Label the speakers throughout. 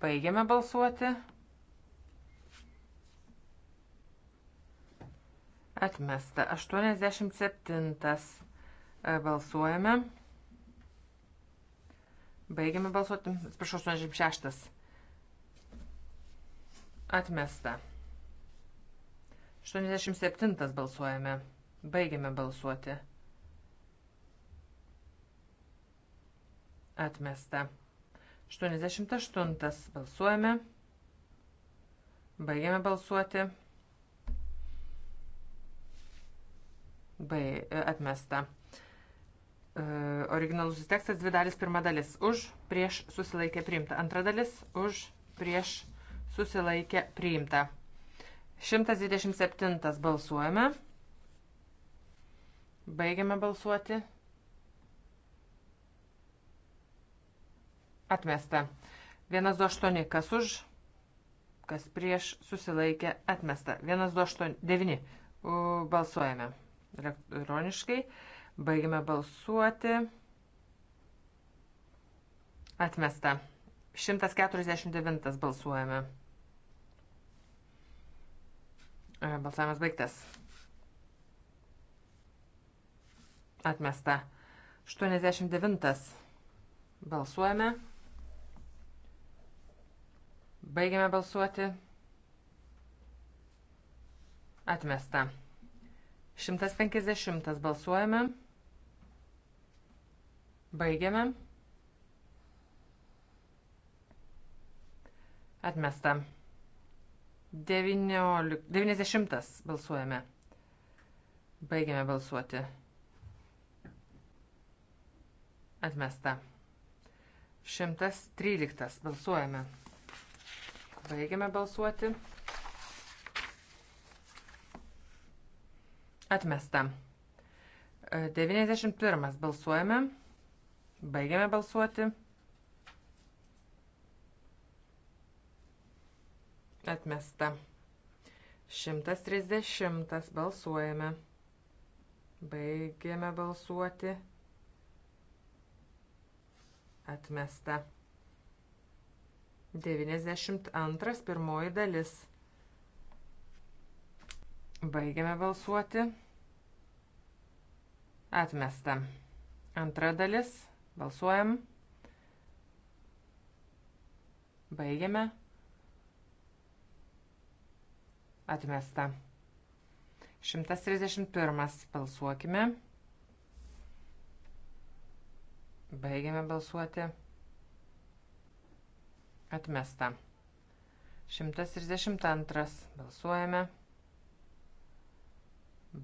Speaker 1: Baigiame balsuoti. Atmesta. 87. E, balsuojame. Baigiame balsuoti. Atsiprašau, 86. Atmesta. 87 balsuojame. Baigiame balsuoti. Atmesta. 88 balsuojame. Baigiame balsuoti. Bai, e, atmesta. E, originalusis tekstas dvi dalis, pirma dalis už, prieš susilaikė priimta. Antra dalis už, prieš susilaikė priimta. 127 balsuojame. Baigiame balsuoti. Atmesta. 128. Kas už? Kas prieš susilaikė? Atmesta. 129. Balsuojame elektroniškai. Baigime balsuoti. Atmesta. 149 balsuojame. E, balsavimas baigtas. Atmesta. 89 balsuojame. Baigiame balsuoti. Atmesta. 150 balsuojame. Baigiame. Atmesta. 19, 90 balsuojame. Baigiame balsuoti. Atmesta. 113 balsuojame. Baigiame balsuoti. Atmesta. 91 e, balsuojame. Baigiame balsuoti. Atmesta. 130 balsuojame. Baigiame balsuoti. Atmesta. 92 pirmoji dalis. Baigiame balsuoti. Atmesta. Antra dalis. Balsuojam. Baigiame. Atmesta. 131. Balsuokime. Baigiame balsuoti. Atmesta. 132. Balsuojame.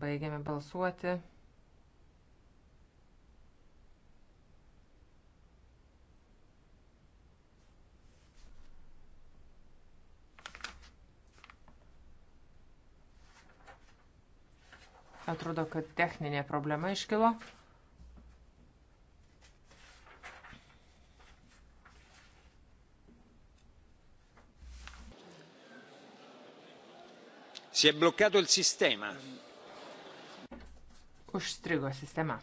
Speaker 1: Baigiame balsuoti. Atrodo, kad techninė problema iškilo.
Speaker 2: Si è bloccato il sistema.
Speaker 1: Užstrigo sistema.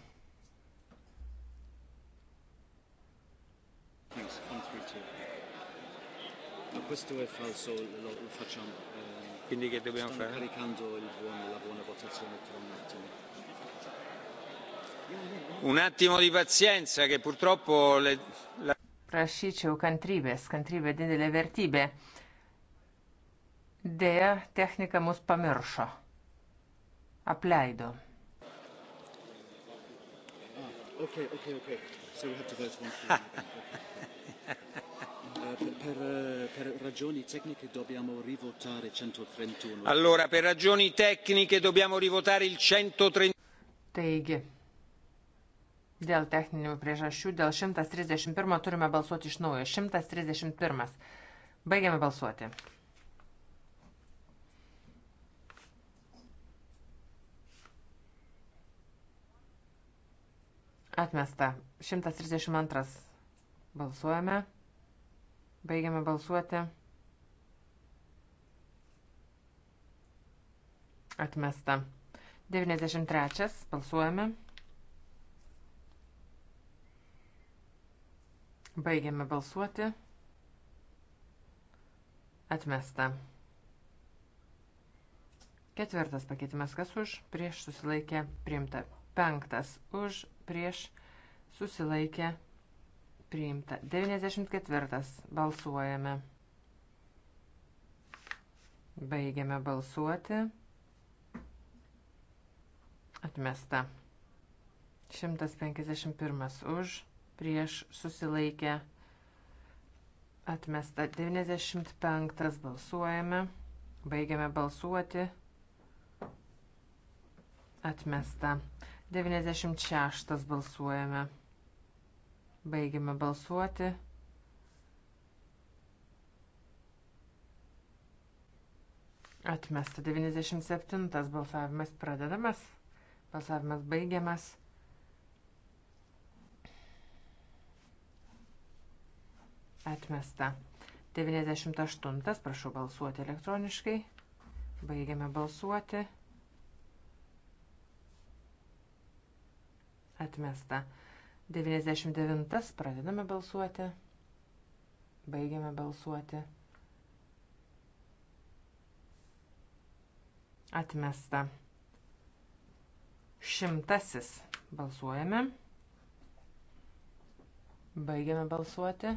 Speaker 2: Questo è falso, lo, lo facciamo. Eh, Quindi che dobbiamo stanno fare? caricando il buon, la buona votazione tra un attimo. Un attimo di pazienza che purtroppo... Le, la...
Speaker 1: Prašyčiau kantrybės, kantrybė didelė vertybė. Deja, technika mus pamiršo. Apleido.
Speaker 2: Okay, okay, okay. So we have to vote one thing. Uh, per, per, uh, per ragioni tecniche dobbiamo rivotare 131. Allora, per ragioni tecniche dobbiamo rivotare il 131. Taigi,
Speaker 1: dėl techninių priežasčių, dėl 131 turime balsuoti iš naujo. 131. Baigiame balsuoti. Atmesta. 132. Balsuojame. Baigiame balsuoti. Atmesta. 93. Balsuojame. Baigiame balsuoti. Atmesta. Ketvirtas pakeitimas, kas už, prieš susilaikė, priimta. Penktas už, prieš susilaikę priimta. 94 balsuojame. Baigiame balsuoti. Atmesta. 151 už, prieš susilaikę atmesta. 95 balsuojame. Baigiame balsuoti atmesta. 96 balsuojame. Baigiame balsuoti. Atmesta 97 balsavimas pradedamas. Balsavimas baigiamas. Atmesta. 98. Prašau balsuoti elektroniškai. Baigiame balsuoti. Atmesta. 99. Pradedame balsuoti. Baigiame balsuoti. Atmesta. Šimtasis. Balsuojame. Baigiame balsuoti.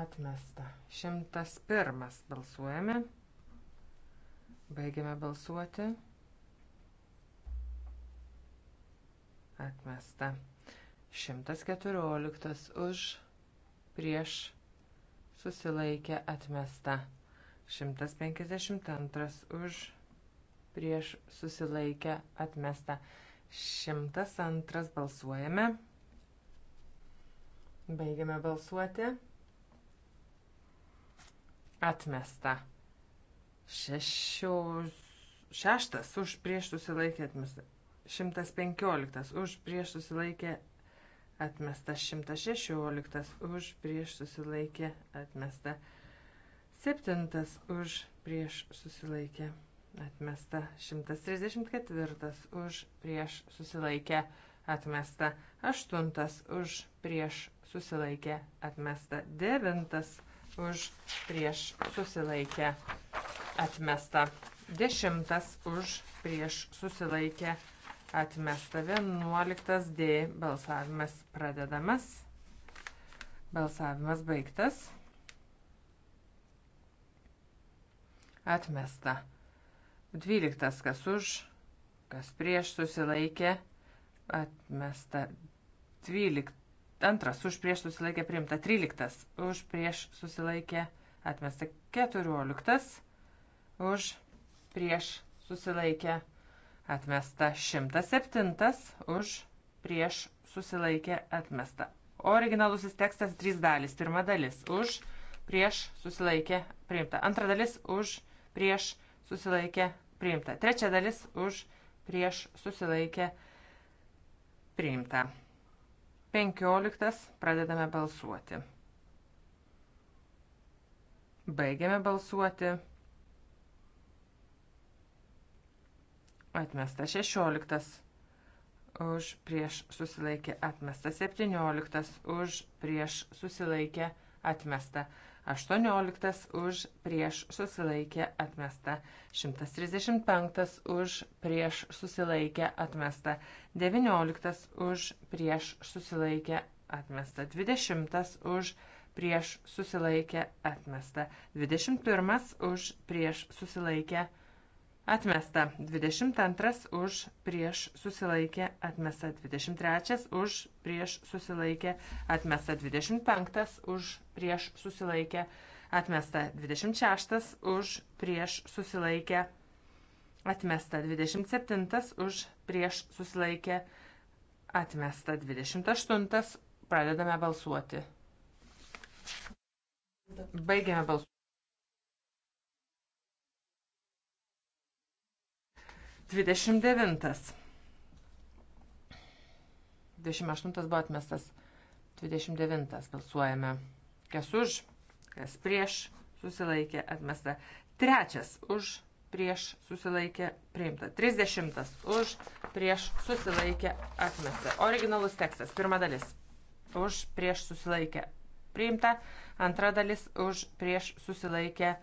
Speaker 1: Atmesta. 101 balsuojame. Baigiame balsuoti. atmesta. 114 už, prieš, susilaikė, atmesta. 152 už, prieš, susilaikė, atmesta. 102 balsuojame. Baigiame balsuoti. Atmesta. Šešios šeštas už prieš susilaikę atmestą. 115 už prieš susilaikė atmesta, 116 už prieš susilaikė atmesta, 7 už prieš susilaikė atmesta, 134 už prieš susilaikė atmesta, 8 už prieš susilaikė atmesta, 9 už prieš susilaikė atmesta, 10 už prieš susilaikė atmesta atmesta 11 D. Balsavimas pradedamas. Balsavimas baigtas. Atmesta. 12 kas už, kas prieš susilaikė. Atmesta. 12. Antras už prieš susilaikė priimta. 13 už prieš susilaikė. Atmesta. 14 už prieš susilaikė atmesta 107 už prieš susilaikė atmesta. Originalusis tekstas 3 dalis. Pirma dalis už prieš susilaikė priimta. Antra dalis už prieš susilaikė priimta. Trečia dalis už prieš susilaikė priimta. 15 pradedame balsuoti. Baigiame balsuoti. atmesta 16, už prieš susilaikė atmesta 17, už prieš susilaikė atmesta 18, už prieš susilaikė atmesta 135, už prieš susilaikė atmesta 19, už prieš susilaikė atmesta 20, už prieš susilaikė atmesta 21, už prieš susilaikė atmesta Atmesta 22 už prieš susilaikė, atmesta 23 už prieš susilaikė, atmesta 25 už prieš susilaikė, atmesta 26 už prieš susilaikė, atmesta 27 už prieš susilaikė, atmesta 28. Pradedame balsuoti. Baigiame balsuoti. 29. 28 buvo atmestas. 29 balsuojame. Kas už, kas prieš, susilaikė, atmesta. Trečias už, prieš, susilaikė, priimta. 30 už, prieš, susilaikė, atmesta. Originalus tekstas. Pirma dalis. Už, prieš, susilaikė, priimta. Antra dalis už, prieš, susilaikė,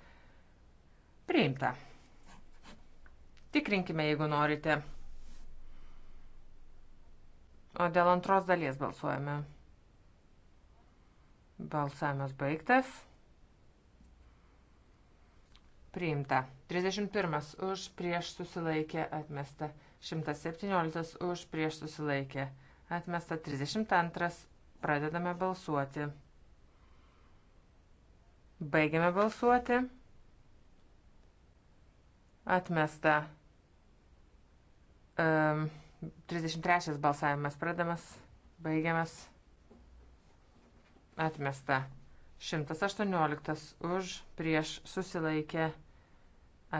Speaker 1: priimta. Tikrinkime, jeigu norite. O dėl antros dalies balsuojame. Balsavimas baigtas. Priimta. 31 už prieš susilaikė atmesta. 117 už prieš susilaikė atmesta. 32 pradedame balsuoti. Baigiame balsuoti. Atmesta. Um, 33 balsavimas pradamas, baigiamas, atmesta. 118 už, prieš susilaikė,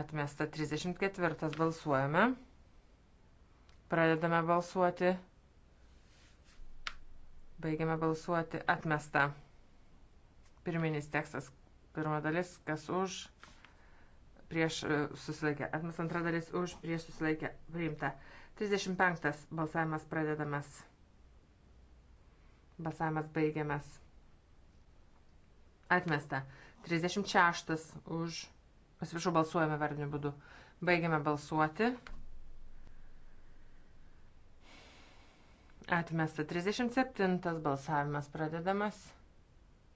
Speaker 1: atmesta. 34 balsuojame. Pradedame balsuoti. Baigiame balsuoti, atmesta. Pirminis tekstas, pirma dalis, kas už, prieš e, susilaikę. Atmes antra dalis už, prieš susilaikę. Priimta. 35 balsavimas pradedamas. Balsavimas baigiamas. Atmesta. 36 už. Pasiprašau, balsuojame vardiniu būdu. Baigiame balsuoti. Atmesta 37 balsavimas pradedamas.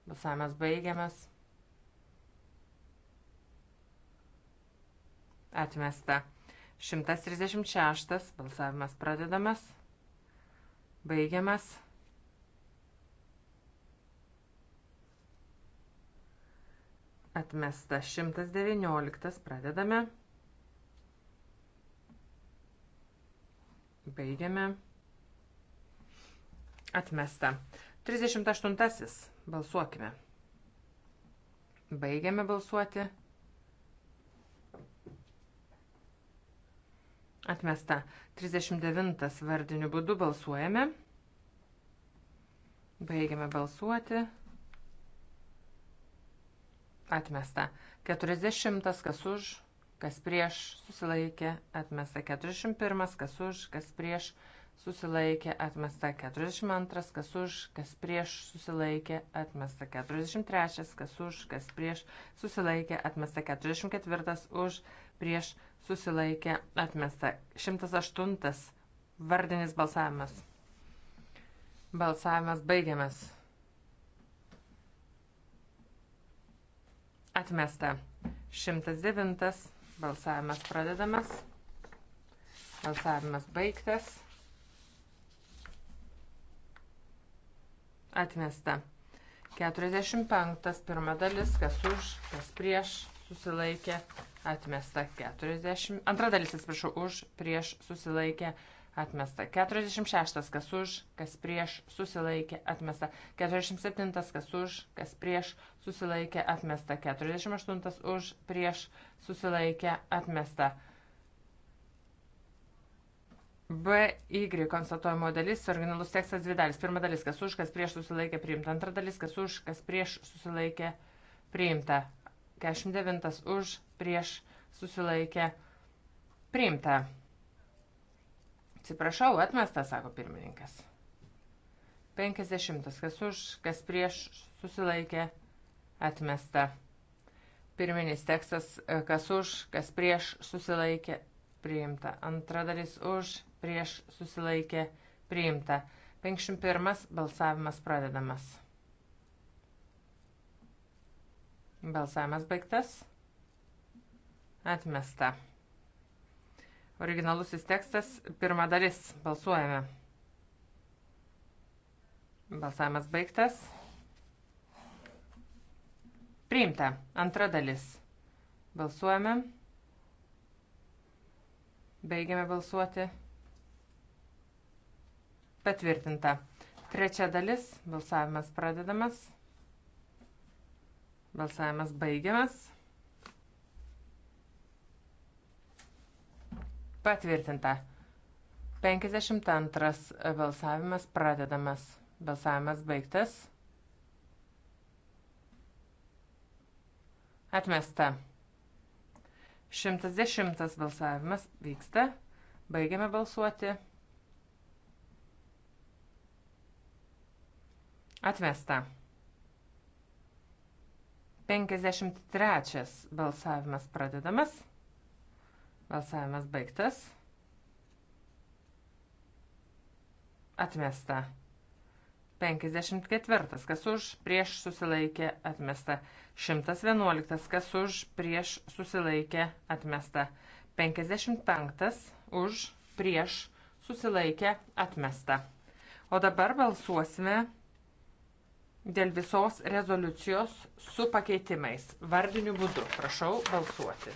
Speaker 1: Balsavimas baigiamas. Atmesta. 136. Balsavimas pradedamas. Baigiamas. Atmesta 119. Pradedame. Baigiame. Atmesta. 38. Balsuokime. Baigiame balsuoti. Atmesta. 39 vardiniu būdu balsuojame. Baigiame balsuoti. Atmesta. 40 kas už, kas prieš, susilaikė. Atmesta. 41 kas už, kas prieš, susilaikė susilaikė atmesta 42, kas už, kas prieš susilaikė atmesta 43, kas už, kas prieš susilaikė atmesta 44, už, prieš susilaikė atmesta 108 vardinis balsavimas. Balsavimas baigiamas. Atmesta 109 balsavimas pradedamas. Balsavimas baigtas. atmesta. 45. Pirma dalis, kas už, kas prieš, susilaikė, atmesta. 40. Antra dalis, atsiprašau, už, prieš, susilaikė, atmesta. 46. Kas už, kas prieš, susilaikė, atmesta. 47. Kas už, kas prieš, susilaikė, atmesta. 48. Už, prieš, susilaikė, atmesta. BY konstatuojamo dalis, originalus tekstas dvi dalis. Pirma dalis, kas už, kas prieš susilaikė priimta. Antra dalis, kas už, kas prieš susilaikė priimta. 49 už, prieš susilaikė priimta. Atsiprašau, atmestas, sako pirmininkas. 50. Kas už, kas prieš susilaikė atmesta. Pirminis tekstas, kas už, kas prieš susilaikė priimta. Antra dalis už, prieš susilaikė priimta. 51 balsavimas pradedamas. Balsavimas baigtas. Atmesta. Originalusis tekstas, pirma dalis. Balsuojame. Balsavimas baigtas. Priimta. Antra dalis. Balsuojame. Baigiame balsuoti. Patvirtinta. Trečia dalis. Balsavimas pradedamas. Balsavimas baigiamas. Patvirtinta. 52 balsavimas pradedamas. Balsavimas baigtas. Atmesta. 110 balsavimas vyksta. Baigiame balsuoti. Atmesta. 53 balsavimas pradedamas. Balsavimas baigtas. Atmesta. 54. Kas už prieš susilaikė atmesta. 111. Kas už prieš susilaikė atmesta. 55. Už prieš susilaikė atmesta. O dabar balsuosime dėl visos rezoliucijos su pakeitimais. Vardiniu būdu prašau balsuoti.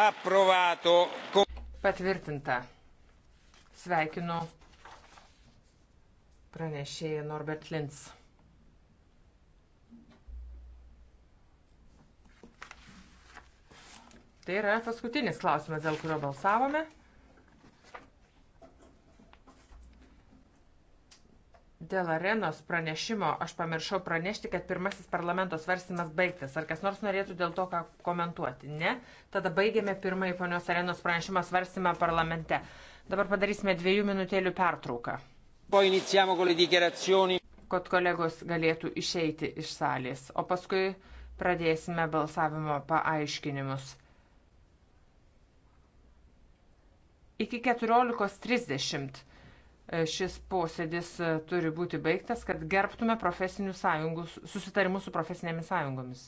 Speaker 2: Approvato.
Speaker 1: Patvirtinta. Sveikinu pranešėją Norbert Lins. Tai yra paskutinis klausimas, dėl kurio balsavome. Dėl arenos pranešimo aš pamiršau pranešti, kad pirmasis parlamento svarstymas baigtas. Ar kas nors norėtų dėl to ką komentuoti? Ne. Tada baigėme pirmąjį ponios arenos pranešimą svarstymą parlamente. Dabar padarysime dviejų minutėlių pertrauką. Kad kolegos galėtų išeiti iš salės. O paskui pradėsime balsavimo paaiškinimus. Iki 14.30 E, šis posėdis e, turi būti baigtas, kad gerbtume profesinių sąjungų susitarimus su profesinėmis sąjungomis.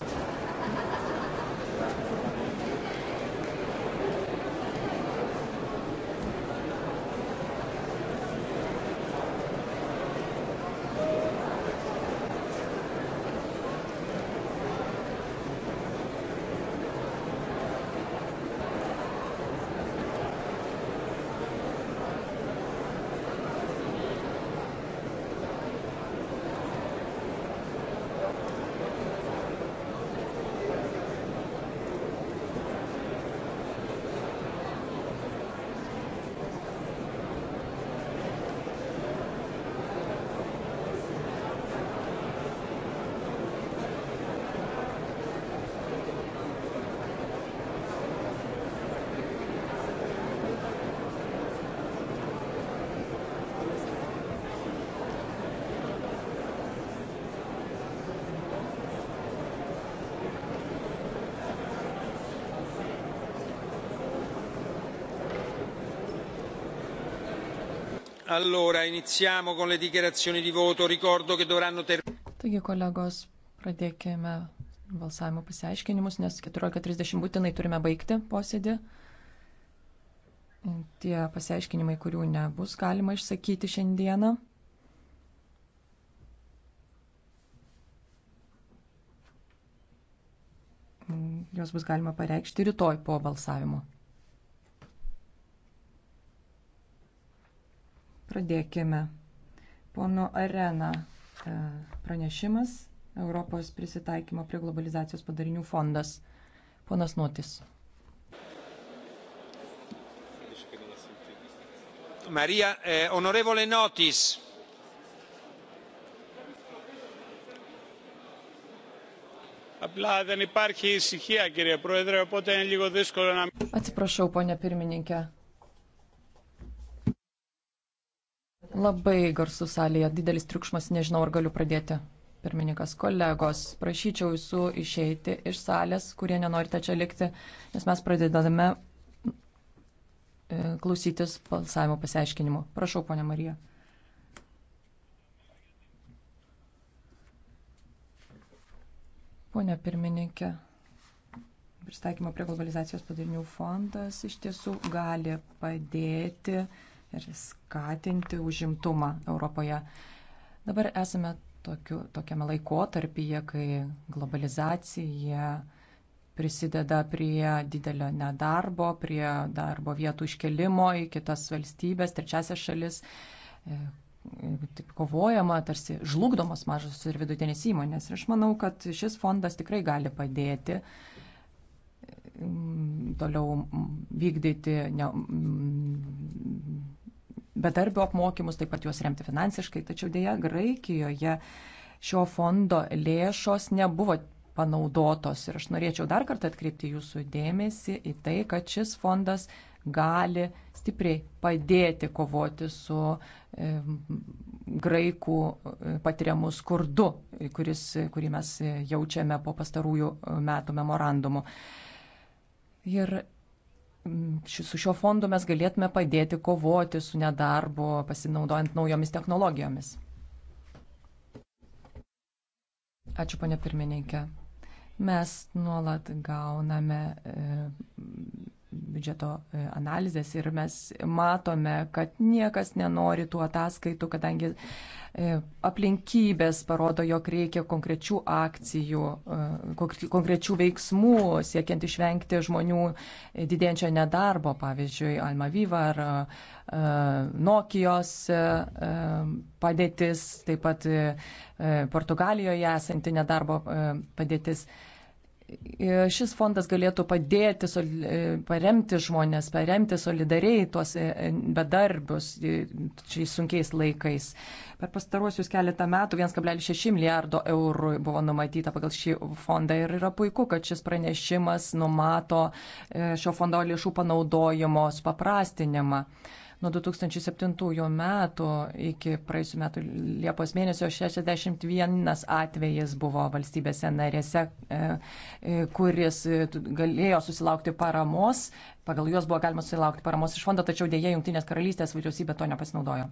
Speaker 2: Allora, iniziamo con le dichiarazioni di voto. Ricordo che dovranno terminare.
Speaker 3: Taigi, kolegos, pradėkime balsavimo pasiaiškinimus, nes 14.30 būtinai turime baigti posėdį. Tie pasiaiškinimai, kurių nebus galima išsakyti šiandieną. Jos bus galima pareikšti rytoj po balsavimo. Pradėkime. Pono Arena e, pranešimas Europos prisitaikymo prie globalizacijos padarinių fondas. Ponas Notis.
Speaker 2: Marija, eh, honorevole Notis. Απλά δεν υπάρχει ησυχία, κύριε Πρόεδρε, οπότε είναι λίγο δύσκολο να...
Speaker 3: Atsiprašau, ponia pirmininkė. Labai garsų salėje, didelis triukšmas, nežinau, ar galiu pradėti. Pirmininkas, kolegos, prašyčiau jūsų išeiti iš salės, kurie nenorite čia likti, nes mes pradedame e, klausytis balsavimo pasiaiškinimo. Prašau, ponia Marija. Pone pirmininkė, pristaikymo prie globalizacijos padarinių fondas iš tiesų gali padėti ir skatinti užimtumą Europoje. Dabar esame tokiu, tokiame laikotarpyje, kai globalizacija prisideda prie didelio nedarbo, prie darbo vietų iškelimo į kitas valstybės, trečiasias šalis, e, taip kovojama, tarsi žlugdomos mažos ir vidutinės įmonės. Ir aš manau, kad šis fondas tikrai gali padėti toliau vykdyti ne, bedarbių apmokymus, taip pat juos remti finansiškai. Tačiau dėja, Graikijoje šio fondo lėšos nebuvo panaudotos. Ir aš norėčiau dar kartą atkreipti jūsų dėmesį į tai, kad šis fondas gali stipriai padėti kovoti su e, graikų patiriamu skurdu, kuris, kurį mes jaučiame po pastarųjų metų memorandumu. Ir su šiuo fondu mes galėtume padėti kovoti su nedarbu, pasinaudojant naujomis technologijomis. Ačiū, ponė pirmininkė. Mes nuolat gauname e, biudžeto e, analizės ir mes matome, kad niekas nenori tų ataskaitų, kadangi e, aplinkybės parodo, jog reikia konkrečių akcijų, e, konkrečių veiksmų, siekiant išvengti žmonių didėjančio nedarbo, pavyzdžiui, Almavyva ar Nokijos padėtis, taip pat Portugalijoje esanti nedarbo padėtis. E, šis fondas galėtų padėti, e, paremti žmonės, paremti solidariai tuos e, bedarbius šiais sunkiais laikais. Per pastaruosius keletą metų 1,6 milijardo eurų buvo numatyta pagal šį fondą ir yra puiku, kad šis pranešimas numato šio fondo lėšų panaudojimo supaprastinimą. Nuo 2007 metų iki praėjusiu metu Liepos mėnesio 61 atvejis buvo valstybėse narėse, e, e, kuris e, galėjo susilaukti paramos, pagal juos buvo galima susilaukti paramos iš fondo, tačiau dėja Junktinės karalystės vyriausybė to nepasinaudojo.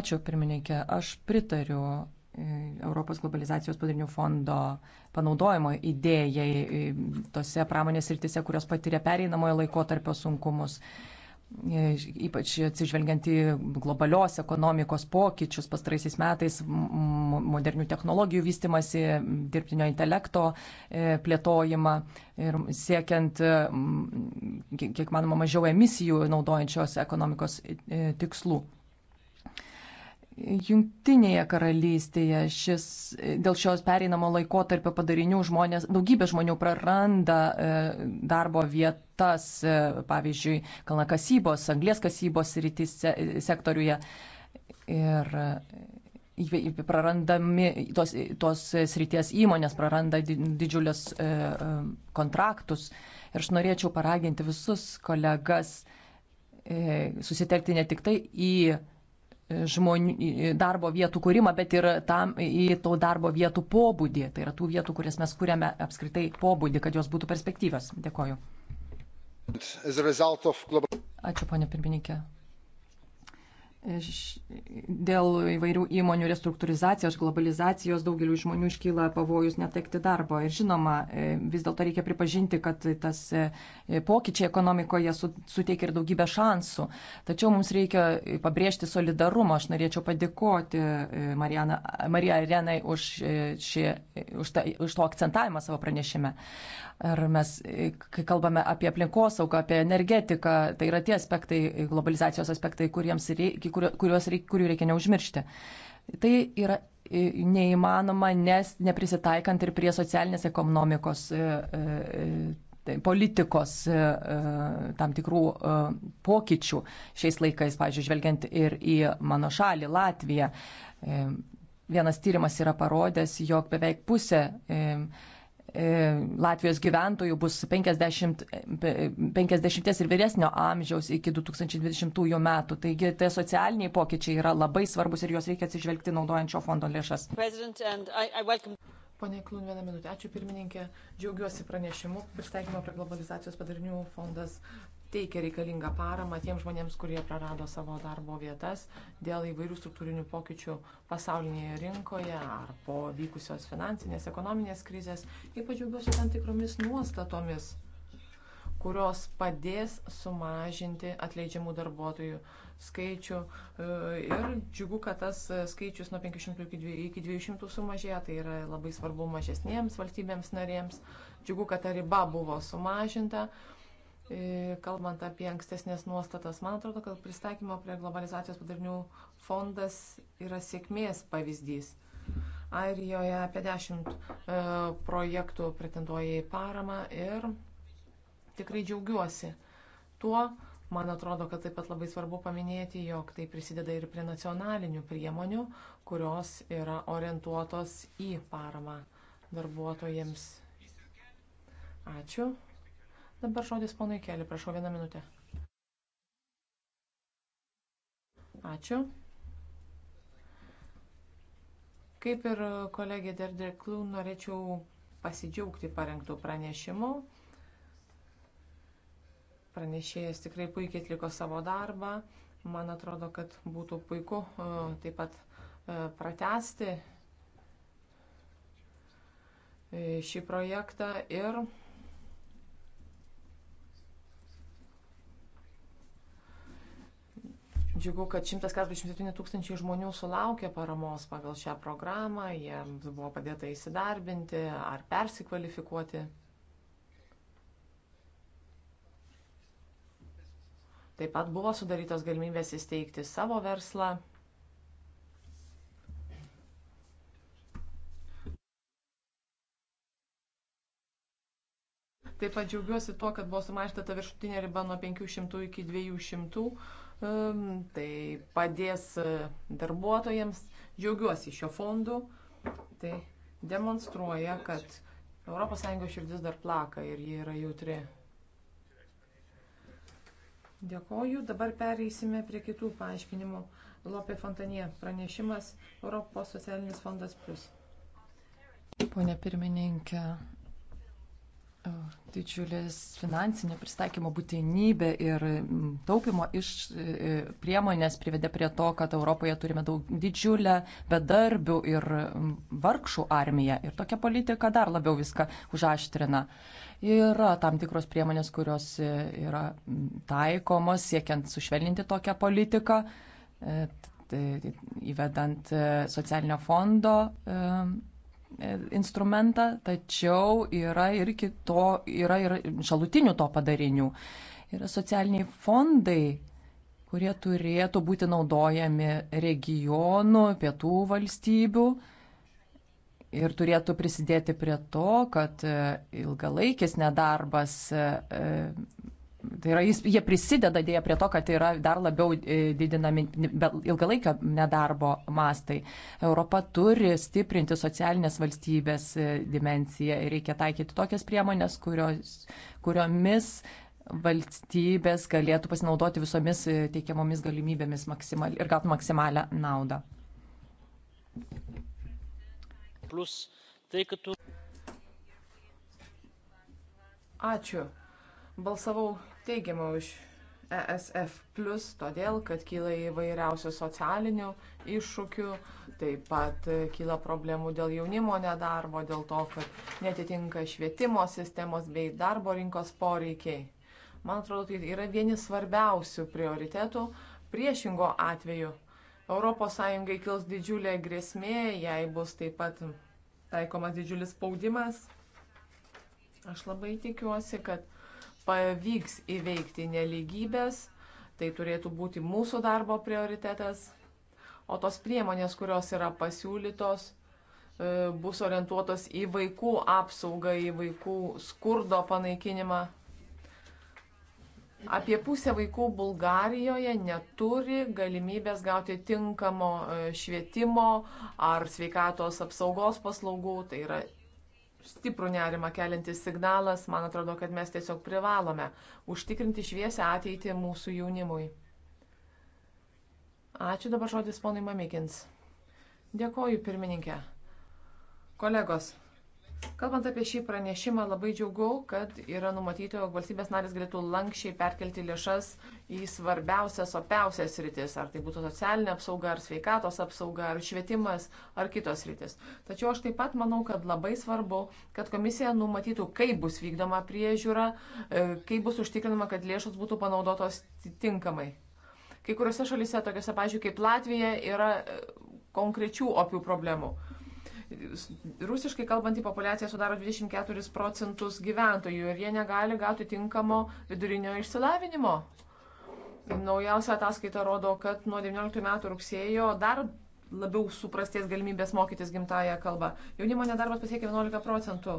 Speaker 3: Ačiū, pirmininkė. Aš pritariu Europos globalizacijos padarinių fondo panaudojimo idėjai tose pramonės rytise, kurios patiria pereinamojo laiko tarpio sunkumus. E, ypač atsižvelgiant į globalios ekonomikos pokyčius pastaraisiais metais, modernių technologijų vystimasi, dirbtinio intelekto e, plėtojimą ir siekiant, e, kiek manoma, mažiau emisijų naudojančios ekonomikos tikslų. Jungtinėje karalystėje šis, dėl šios pereinamo laiko tarp padarinių žmonės, daugybė žmonių praranda e, darbo vietas, e, pavyzdžiui, kalnakasybos, anglės kasybos rytis sektoriuje. Ir e, prarandami tos, tos srities įmonės, praranda didžiulius e, kontraktus. Ir aš norėčiau paraginti visus kolegas e, susitelkti ne tik tai į žmonių, darbo vietų kūrimą, bet ir tam, į to darbo vietų pobūdį. Tai yra tų vietų, kurias mes kūrėme apskritai pobūdį, kad jos būtų perspektyvios. Dėkoju.
Speaker 2: Ačiū,
Speaker 3: ponė pirmininkė. Dėl įvairių įmonių restruktūrizacijos, globalizacijos daugeliu žmonių iškyla pavojus netekti darbo. Ir žinoma, e, vis dėlto reikia pripažinti, kad tas e, pokyčiai ekonomikoje suteikia ir daugybę šansų. Tačiau mums reikia pabrėžti solidarumą. Aš norėčiau padėkoti e, Marijana, Marija Arenai už, šį, už, ta, už to akcentavimą savo pranešime. Ar mes, kai kalbame apie aplinkosauką, apie energetiką, tai yra tie aspektai, globalizacijos aspektai, kuriems reikia kuriuos reik, kurių reikia neužmiršti. Tai yra e, neįmanoma, nes neprisitaikant ir prie socialinės ekonomikos e, e, tai, politikos tam tikrų pokyčių šiais laikais, pavyzdžiui, žvelgiant ir į mano šalį, Latviją. Vienas tyrimas yra parodęs, jog beveik pusė E, Latvijos gyventojų bus 50, 50 ir vyresnio amžiaus iki 2020 metų. Taigi tie socialiniai pokyčiai yra labai svarbus ir juos reikia atsižvelgti naudojant šio fondo lėšas.
Speaker 4: Pane Klun, vieną minutę. Ačiū pirmininkė. Džiaugiuosi pranešimu. Pristaikymo prie globalizacijos padarinių fondas teikia reikalingą paramą tiems žmonėms, kurie prarado savo darbo vietas dėl įvairių struktūrinių pokyčių pasaulinėje rinkoje ar po vykusios finansinės, ekonominės krizės. Ypač džiaugiuosi tam tikromis nuostatomis, kurios padės sumažinti atleidžiamų darbuotojų skaičių. E, ir džiugu, kad tas skaičius nuo 500 iki 200 sumažėjo, tai yra labai svarbu mažesniems valstybėms narėms. Džiugu, kad ta riba buvo sumažinta. Uh, E, kalbant apie ankstesnės nuostatas, man atrodo, kad pristaikymo prie globalizacijos padarinių fondas yra sėkmės pavyzdys. Airijoje apie 10 e, projektų pretenduoja į paramą ir tikrai džiaugiuosi tuo. Man atrodo, kad taip pat labai svarbu paminėti, jog tai prisideda ir prie nacionalinių priemonių, kurios yra orientuotos į paramą darbuotojams. Ačiū. Dabar žodis ponui Keli, prašau, vieną minutę. Ačiū. Kaip ir kolegė Derdeklų, norėčiau pasidžiaugti parengtų pranešimų. Pranešėjas tikrai puikiai atliko savo darbą. Man atrodo, kad būtų puiku e, taip pat e, pratesti e, šį projektą ir Džiugu, kad 147 tūkstančiai žmonių sulaukė paramos pagal šią programą, jiems buvo padėta įsidarbinti ar persikvalifikuoti. Taip pat buvo sudarytos galimybės įsteigti savo verslą. Taip pat džiaugiuosi tuo, kad buvo sumažinta ta viršutinė riba nuo 500 iki 200 tai padės e, darbuotojams. Džiaugiuosi šio fondu. Tai demonstruoja, kad ES širdis dar plaka ir ji yra jautri. Dėkoju. Dabar pereisime prie kitų paaiškinimų. Lopė Fontanie pranešimas Europos socialinis fondas plus.
Speaker 3: Pone pirmininkė, didžiulis finansinio pristaikymo būtinybė ir taupimo iš e, e, priemonės privedė prie to, kad Europoje turime daug didžiulę bedarbių ir vargšų armiją. Ir tokia politika dar labiau viską užaštrina. Yra tam tikros priemonės, kurios e, yra taikomos siekiant sušvelninti tokią politiką, įvedant socialinio fondo E, instrumentą, tačiau yra ir, kito, yra ir šalutinių to padarinių. Yra socialiniai fondai, kurie turėtų būti naudojami regionų, pietų valstybių ir turėtų prisidėti prie to, kad e, ilgalaikis nedarbas e, Tai yra, jis, jie prisideda dėja prie to, kad yra dar labiau e, didinami ilgalaikio nedarbo mastai. Europa turi stiprinti socialinės valstybės e, dimenciją ir reikia taikyti tokias priemonės, kurios, kuriomis valstybės galėtų pasinaudoti visomis e, teikiamomis galimybėmis maksimal, ir gauti maksimalią naudą.
Speaker 2: Plus, tai, tu...
Speaker 4: Ačiū. Balsavau teigiamai už ESF, todėl, kad kyla įvairiausių socialinių iššūkių, taip pat kyla problemų dėl jaunimo nedarbo, dėl to, kad netitinka švietimo sistemos bei darbo rinkos poreikiai. Man atrodo, tai yra vieni svarbiausių prioritetų. Priešingo atveju ES kils didžiulė grėsmė, jei bus taip pat taikomas didžiulis spaudimas. Aš labai tikiuosi, kad pavyks įveikti neligybės, tai turėtų būti mūsų darbo prioritetas, o tos priemonės, kurios yra pasiūlytos, e, bus orientuotos į vaikų apsaugą, į vaikų skurdo panaikinimą. Apie pusę vaikų Bulgarijoje neturi galimybės gauti tinkamo e, švietimo ar sveikatos apsaugos paslaugų. Tai yra stiprų nerimą keliantis signalas, man atrodo, kad mes tiesiog privalome užtikrinti šviesę ateitį mūsų jaunimui. Ačiū dabar žodis ponui Mamikins. Dėkoju, pirmininkė. Kolegos, Kalbant apie šį pranešimą, labai džiaugu, kad yra numatyti, jog valstybės narės galėtų lankščiai perkelti lėšas į svarbiausias, opiausias rytis, ar tai būtų socialinė apsauga, ar sveikatos apsauga, ar švietimas, ar kitos rytis. Tačiau aš taip pat manau, kad labai svarbu, kad komisija numatytų, kaip bus vykdoma priežiūra, e, kaip bus užtikrinama, kad lėšos būtų panaudotos tinkamai. Kai kuriuose šalyse, tokiuose, pažiūrėjau, kaip Latvija, yra e, konkrečių opių problemų. Rusiškai kalbantį populiaciją sudaro 24 procentus gyventojų ir jie negali gauti tinkamo vidurinio išsilavinimo. Naujausia ataskaita rodo, kad nuo 19 metų rugsėjo dar labiau suprasties galimybės mokytis gimtają kalbą. Jaunimo nedarbas pasiekė 11 procentų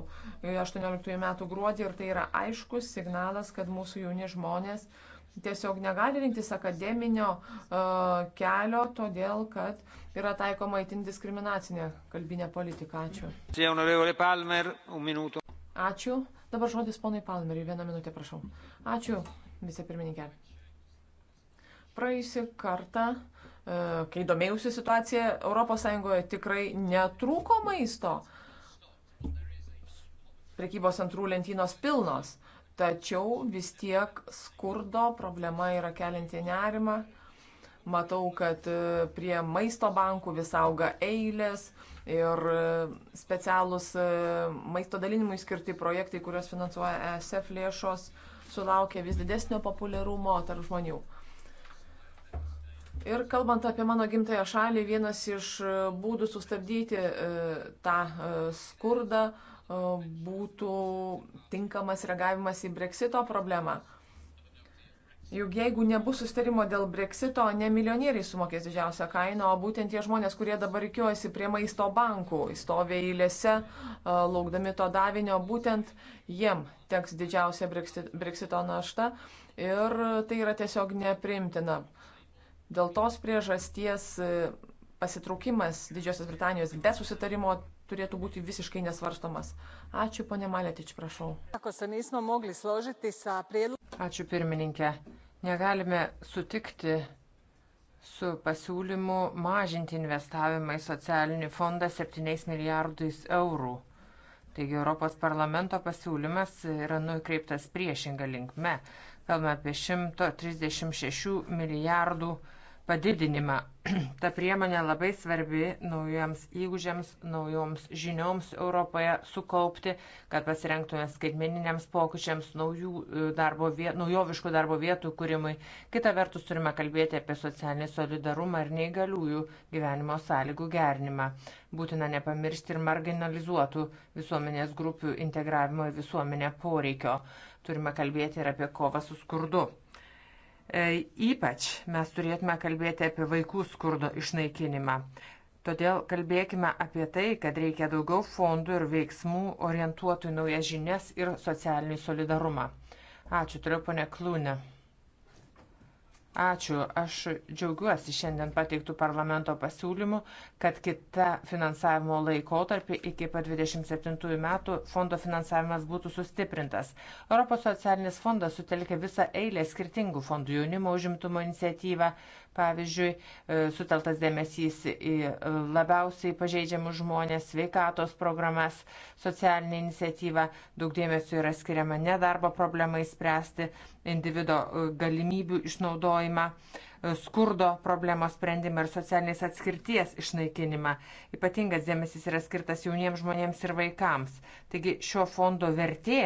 Speaker 4: 18 metų gruodį ir tai yra aiškus signalas, kad mūsų jauni žmonės uh, tiesiog negali rinktis akademinio uh, kelio, todėl kad yra taikoma įtin diskriminacinė kalbinė politika.
Speaker 2: Ačiū.
Speaker 4: Ačiū. Dabar žodis ponui Palmeriui. Vieną minutę, prašau. Ačiū, vicepirmininkė. Praėjusi kartą, e, kai domėjausi situaciją, ES tikrai netrūko maisto. Prekybos antrų lentynos pilnos tačiau vis tiek skurdo problema yra kelinti nerimą. Matau, kad e, prie maisto bankų vis auga eilės ir e, specialūs e, maisto dalinimui skirti projektai, kuriuos finansuoja ESF lėšos, sulaukia vis didesnio populiarumo tarp žmonių. Ir kalbant apie mano gimtąją šalį, vienas iš būdų sustabdyti tą skurdą E, būtų tinkamas reagavimas į breksito problemą. Juk jeigu nebus sustarimo dėl breksito, ne milijonieriai sumokės didžiausią kainą, o būtent tie žmonės, kurie dabar reikiuojasi prie maisto bankų, įstovė eilėse, e, laukdami to davinio, būtent jiem teks didžiausia breksito našta ir tai yra tiesiog neprimtina. Dėl tos priežasties e, pasitraukimas Didžiosios Britanijos be susitarimo turėtų būti visiškai nesvarstomas. Ačiū, ponė Maletič, prašau. Ačiū, pirmininkė. Negalime
Speaker 1: sutikti su pasiūlymu mažinti investavimą į socialinį fondą 7 milijardais eurų. Taigi Europos parlamento pasiūlymas yra nukreiptas priešinga linkme. Kalbame apie 136 milijardų padidinimą Ta priemonė labai svarbi naujiems įgūdžiams, naujoms žinioms Europoje sukaupti, kad pasirengtume skaitmeniniams pokyčiams, e, darbo viet, naujoviškų darbo vietų kūrimui. Kita vertus turime kalbėti apie socialinį solidarumą ir neįgaliųjų gyvenimo sąlygų gerinimą. Būtina nepamiršti ir marginalizuotų visuomenės grupių integravimo į visuomenę poreikio. Turime kalbėti ir apie kovą su skurdu. E, ypač mes turėtume kalbėti apie vaikų skurdo išnaikinimą. Todėl kalbėkime apie tai, kad reikia daugiau fondų ir veiksmų orientuotų į naujas žinias ir socialinį solidarumą. Ačiū, turiu ponę Klūnę. Ačiū. Aš džiaugiuosi šiandien pateiktų parlamento pasiūlymų, kad kita finansavimo laikotarpį iki pat 27 metų fondo finansavimas būtų sustiprintas. Europos socialinis fondas sutelkia visą eilę skirtingų fondų jaunimo užimtumo iniciatyvą, Pavyzdžiui, e, suteltas dėmesys į e, labiausiai pažeidžiamus žmonės, sveikatos programas, socialinę iniciatyvą, daug dėmesio yra skiriama nedarbo problemai spręsti, individo e, galimybių išnaudojimą, skurdo problemos sprendimą ir socialinės atskirties išnaikinimą. Ypatingas dėmesys yra skirtas jauniems žmonėms ir vaikams. Taigi šio fondo vertė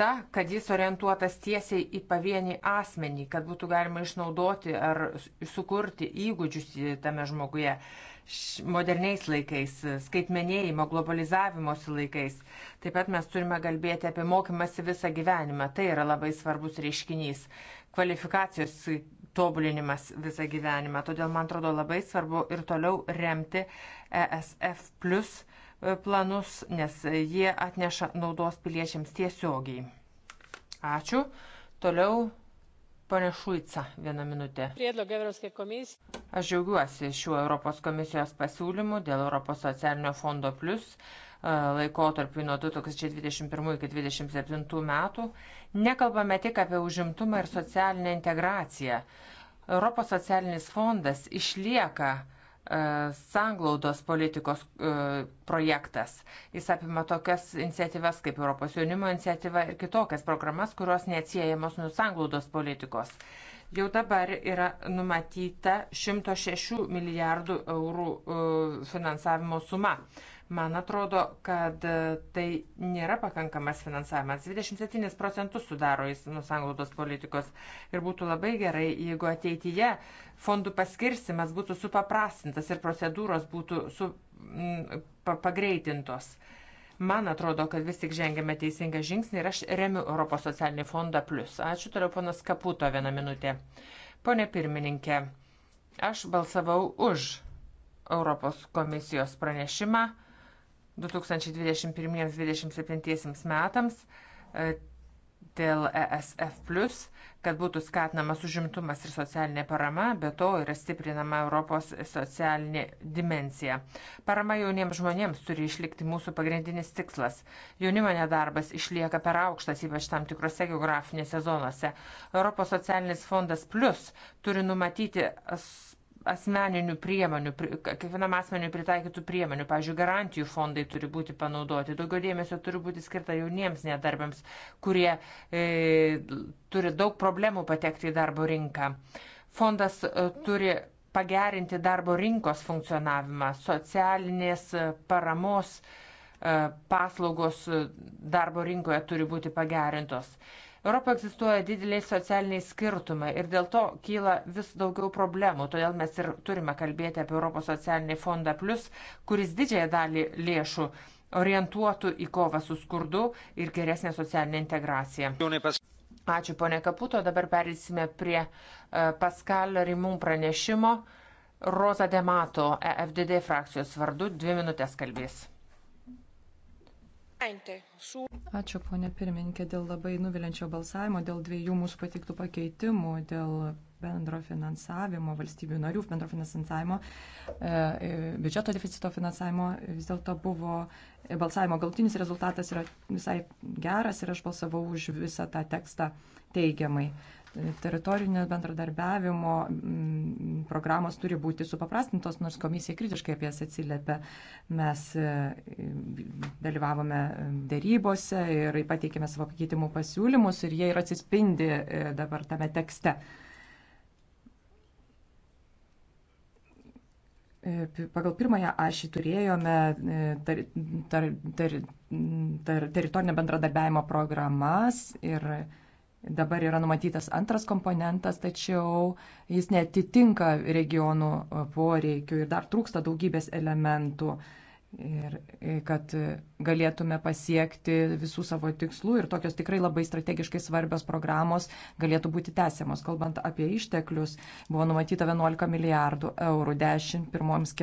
Speaker 1: ta, kad jis orientuotas tiesiai į pavienį asmenį, kad būtų galima išnaudoti ar sukurti įgūdžius tame žmoguje moderniais laikais, skaitmenėjimo, globalizavimosi laikais. Taip pat mes turime kalbėti apie mokymasi visą gyvenimą. Tai yra labai svarbus reiškinys. Kvalifikacijos tobulinimas visą gyvenimą. Todėl man atrodo labai svarbu ir toliau remti ESF plus planus, nes jie atneša naudos piliečiams tiesiogiai. Ačiū. Toliau Pane Šuica, vieną minutę. Aš džiaugiuosi šiuo Europos komisijos pasiūlymu dėl Europos socialinio fondo plus e, laikotarpiu nuo 2021 iki 2027 metų. Nekalbame tik apie užimtumą ir socialinę integraciją. Europos socialinis fondas išlieka uh, E, sanglaudos politikos e, projektas. Jis apima tokias iniciatyvas kaip Europos jaunimo iniciatyva ir kitokias programas, kurios neatsiejamos nuo sanglaudos politikos. Jau dabar yra numatyta 106 milijardų eurų e, finansavimo suma. Man atrodo, kad e, tai nėra pakankamas finansavimas. 27 procentus sudaro jis nuo sanglaudos politikos. Ir būtų labai gerai, jeigu ateityje fondų paskirstimas būtų supaprastintas ir procedūros būtų su, m, pagreitintos. Man atrodo, kad vis tik žengėme teisingą žingsnį ir aš remiu Europos socialinį fondą plus. Ačiū toliau, ponas Kaputo, vieną minutę. Pone pirmininkė, aš balsavau už Europos komisijos pranešimą 2021-2027 metams e, dėl ESF, kad būtų skatinamas užimtumas ir socialinė parama, be to yra stiprinama Europos socialinė dimensija. Parama jauniems žmonėms turi išlikti mūsų pagrindinis tikslas. Jaunimo nedarbas išlieka per aukštas, ypač tam tikrose geografinėse zonose. Europos socialinis fondas plus turi numatyti asmeninių priemonių, kiekvienam asmeniu pritaikytų priemonių. Pavyzdžiui, garantijų fondai turi būti panaudoti, daugiau dėmesio turi būti skirta jauniems nedarbiams, kurie e, turi daug problemų patekti į darbo rinką. Fondas e, turi pagerinti darbo rinkos funkcionavimą, socialinės e, paramos e, paslaugos e, darbo rinkoje turi būti pagerintos. E, Europoje egzistuoja dideliai socialiniai skirtumai ir dėl to kyla vis daugiau problemų. Todėl mes ir turime kalbėti apie Europos socialinį fondą plus, kuris didžiąją dalį lėšų orientuotų į kovą su skurdu ir geresnę socialinę integraciją. Ačiū ponė Kaputo, dabar perėsime prie e, Paskalio Rimų pranešimo. Roza Demato, EFDD frakcijos vardu, dvi minutės kalbės.
Speaker 3: Ačiū, ponė pirmininkė, dėl labai nuvilinčio balsavimo, dėl dviejų mūsų patiktų pakeitimų, dėl bendro finansavimo, valstybių narių bendro finansavimo, e, e, biudžeto deficito finansavimo. Vis dėlto buvo e, balsavimo galtinis rezultatas yra visai geras ir aš balsavau už visą tą tekstą teigiamai teritorinio bendradarbiavimo mm, programos turi būti supaprastintos, nors komisija kritiškai apie jas atsiliepia. Mes e, dalyvavome dėrybose ir pateikėme savo pakeitimų pasiūlymus ir jie ir atsispindi e, dabar tame tekste. E, pagal pirmąją ašį turėjome ter, ter, ter, ter, teritorinio bendradarbiavimo programas ir Dabar yra numatytas antras komponentas, tačiau jis netitinka regionų poreikių ir dar trūksta daugybės elementų. Ir e, kad galėtume pasiekti visų savo tikslų ir tokios tikrai labai strategiškai svarbios programos galėtų būti tęsiamos. Kalbant apie išteklius, buvo numatyta 11 milijardų eurų, 10 pirmiems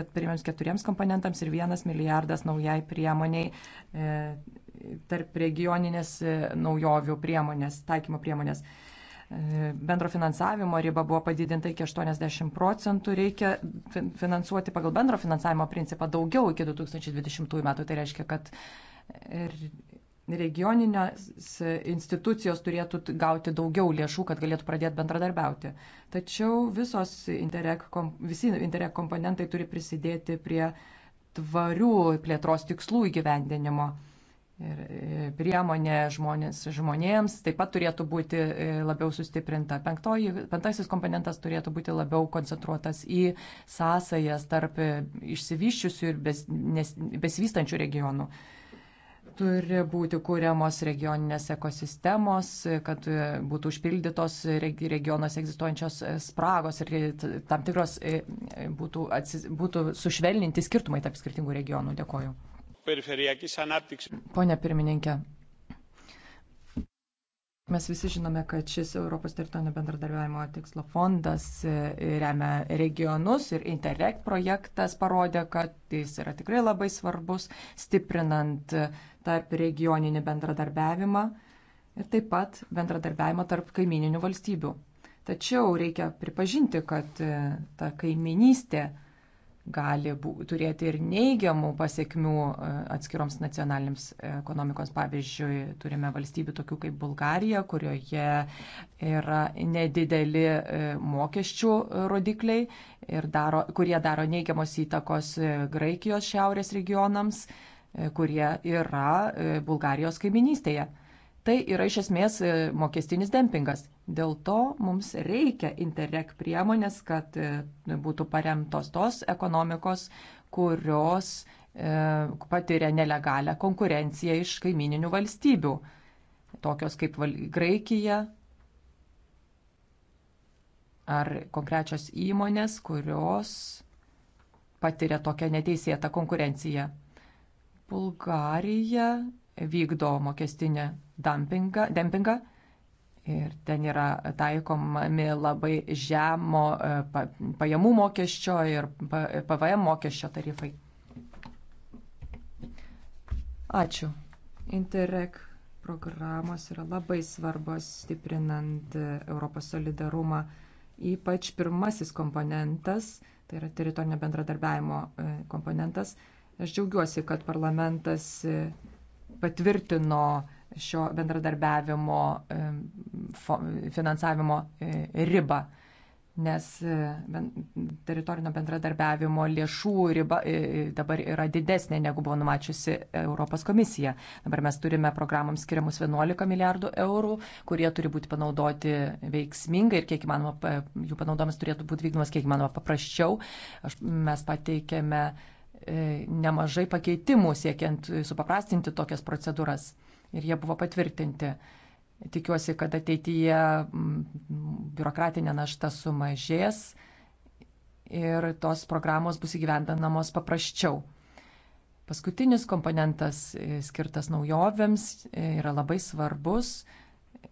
Speaker 3: keturiems komponentams ir 1 milijardas naujai priemoniai. E, tarp regioninės e, naujovių priemonės, taikymo priemonės. E, bendro finansavimo riba buvo padidinta iki 80 procentų, reikia finansuoti pagal bendro finansavimo principą daugiau iki 2020 metų. Tai reiškia, kad e, regioninės institucijos turėtų gauti daugiau lėšų, kad galėtų pradėti bendradarbiauti. Tačiau visos interreg, visi interreg komponentai turi prisidėti prie tvarių plėtros tikslų įgyvendinimo ir e, priemonė žmonės, žmonėms taip pat turėtų būti e, labiau sustiprinta. Penktoji, penktasis komponentas turėtų būti labiau koncentruotas į sąsajas tarp e, išsivyščiusių ir bes, nes, besivystančių regionų. Turi būti kūriamos regioninės ekosistemos, kad būtų užpildytos regionuose egzistuojančios spragos ir tam tikros būtų, atsis, būtų sušvelninti skirtumai tarp skirtingų regionų. Dėkoju.
Speaker 2: Pone
Speaker 3: pirmininkė, Mes visi žinome, kad šis Europos teritorinio bendradarbiavimo tikslo fondas e, remia regionus ir Interreg projektas parodė, kad jis yra tikrai labai svarbus, stiprinant e, tarp regioninį bendradarbiavimą ir taip pat bendradarbiavimą tarp kaimininių valstybių. Tačiau reikia pripažinti, kad e, ta kaiminystė gali bū, turėti ir neigiamų pasiekmių e, atskiroms nacionalinėms ekonomikoms. Pavyzdžiui, turime valstybių tokių kaip Bulgarija, kurioje yra nedideli e, mokesčių rodikliai, daro, kurie daro neigiamos įtakos e, Graikijos šiaurės regionams, kurie yra Bulgarijos kaiminystėje. Tai yra iš esmės mokestinis dempingas. Dėl to mums reikia interreg priemonės, kad e, būtų paremtos tos ekonomikos, kurios e, patiria nelegalią konkurenciją iš kaimininių valstybių, tokios kaip Graikija ar konkrečios įmonės, kurios patiria tokią neteisėtą konkurenciją. Bulgarija vykdo mokestinę dumpingą, dempingą Ir ten yra taikomami labai žemo e, pajamų mokesčio ir PVM mokesčio tarifai. Ačiū. Interreg programos yra labai svarbos stiprinant e, Europos solidarumą. Ypač pirmasis komponentas, tai yra teritorinio bendradarbiavimo e, komponentas. Aš džiaugiuosi, kad parlamentas patvirtino šio bendradarbiavimo finansavimo e, ribą, nes e, teritorinio bendradarbiavimo lėšų riba e, dabar yra didesnė, negu buvo numačiusi Europos komisija. Dabar mes turime programams skiriamus 11 milijardų eurų, kurie turi būti panaudoti veiksmingai ir kiek įmanoma, jų panaudomas turėtų būti vykdomas kiek įmanoma paprasčiau. Aš, mes pateikėme nemažai pakeitimų siekiant supaprastinti tokias procedūras ir jie buvo patvirtinti. Tikiuosi, kad ateityje biurokratinė našta sumažės ir tos programos bus įgyvendinamos paprasčiau. Paskutinis komponentas e, skirtas naujovėms e, yra labai svarbus.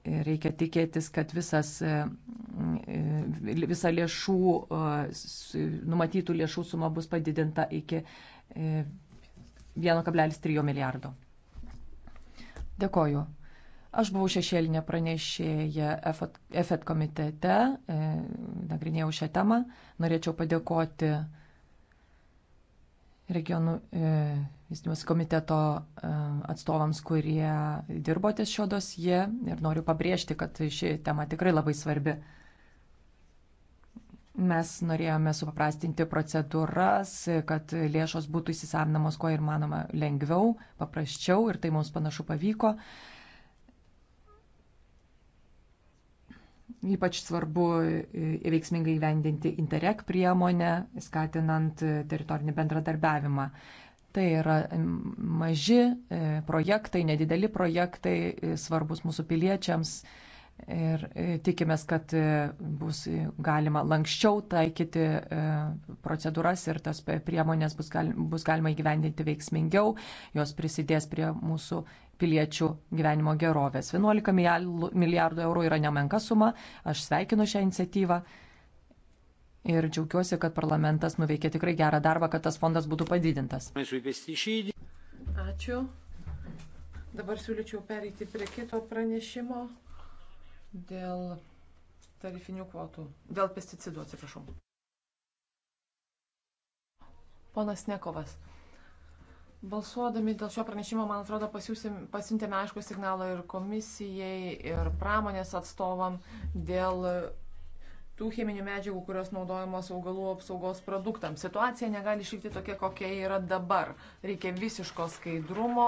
Speaker 3: Reikia tikėtis, kad visas, e, visa lėšų, numatytų lėšų suma bus padidinta iki 1,3 milijardo. Dėkoju. Aš buvau šešėlinė pranešėja EFET komitete, e, nagrinėjau šią temą. Norėčiau padėkoti regionų e, vystymosi komiteto e, atstovams, kurie dirbo ties šio dosie ir noriu pabrėžti, kad ši tema tikrai labai svarbi. Mes norėjome supaprastinti procedūras, kad lėšos būtų įsisavinamos kuo ir manoma lengviau, paprasčiau ir tai mums panašu pavyko. Ypač svarbu veiksmingai įvendinti interreg priemonę, skatinant teritorinį bendradarbiavimą. Tai yra maži e, projektai, nedideli projektai, e, svarbus mūsų piliečiams Ir e, tikimės, kad e, bus galima lankščiau taikyti e, procedūras ir tas priemonės bus, gal, bus galima įgyvendinti veiksmingiau, jos prisidės prie mūsų piliečių gyvenimo gerovės. 11 milijardų eurų yra nemenka suma, aš sveikinu šią iniciatyvą ir džiaugiuosi, kad parlamentas nuveikė tikrai gerą darbą, kad tas fondas būtų padidintas.
Speaker 4: Ačiū. Dabar siūlyčiau pereiti prie kito pranešimo dėl tarifinių kvotų, dėl pesticidų, atsiprašau. Ponas Nekovas. Balsuodami dėl šio pranešimo, man atrodo, pasiuntėme aišku signalą ir komisijai, ir pramonės atstovam dėl tų cheminių medžiagų, kurios naudojamos augalų apsaugos produktams. Situacija negali išlikti tokia, kokia yra dabar. Reikia visiško skaidrumo,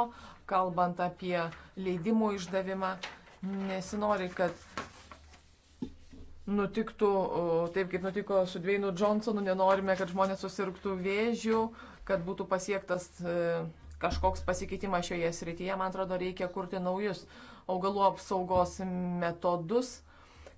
Speaker 4: kalbant apie leidimų išdavimą. Nesinori, kad nutiktų taip, kaip nutiko su Dveinu Johnsonu, nenorime, kad žmonės susirgtų vėžių, kad būtų pasiektas e, kažkoks pasikeitimas šioje srityje. Man atrodo, reikia kurti naujus augalų apsaugos metodus,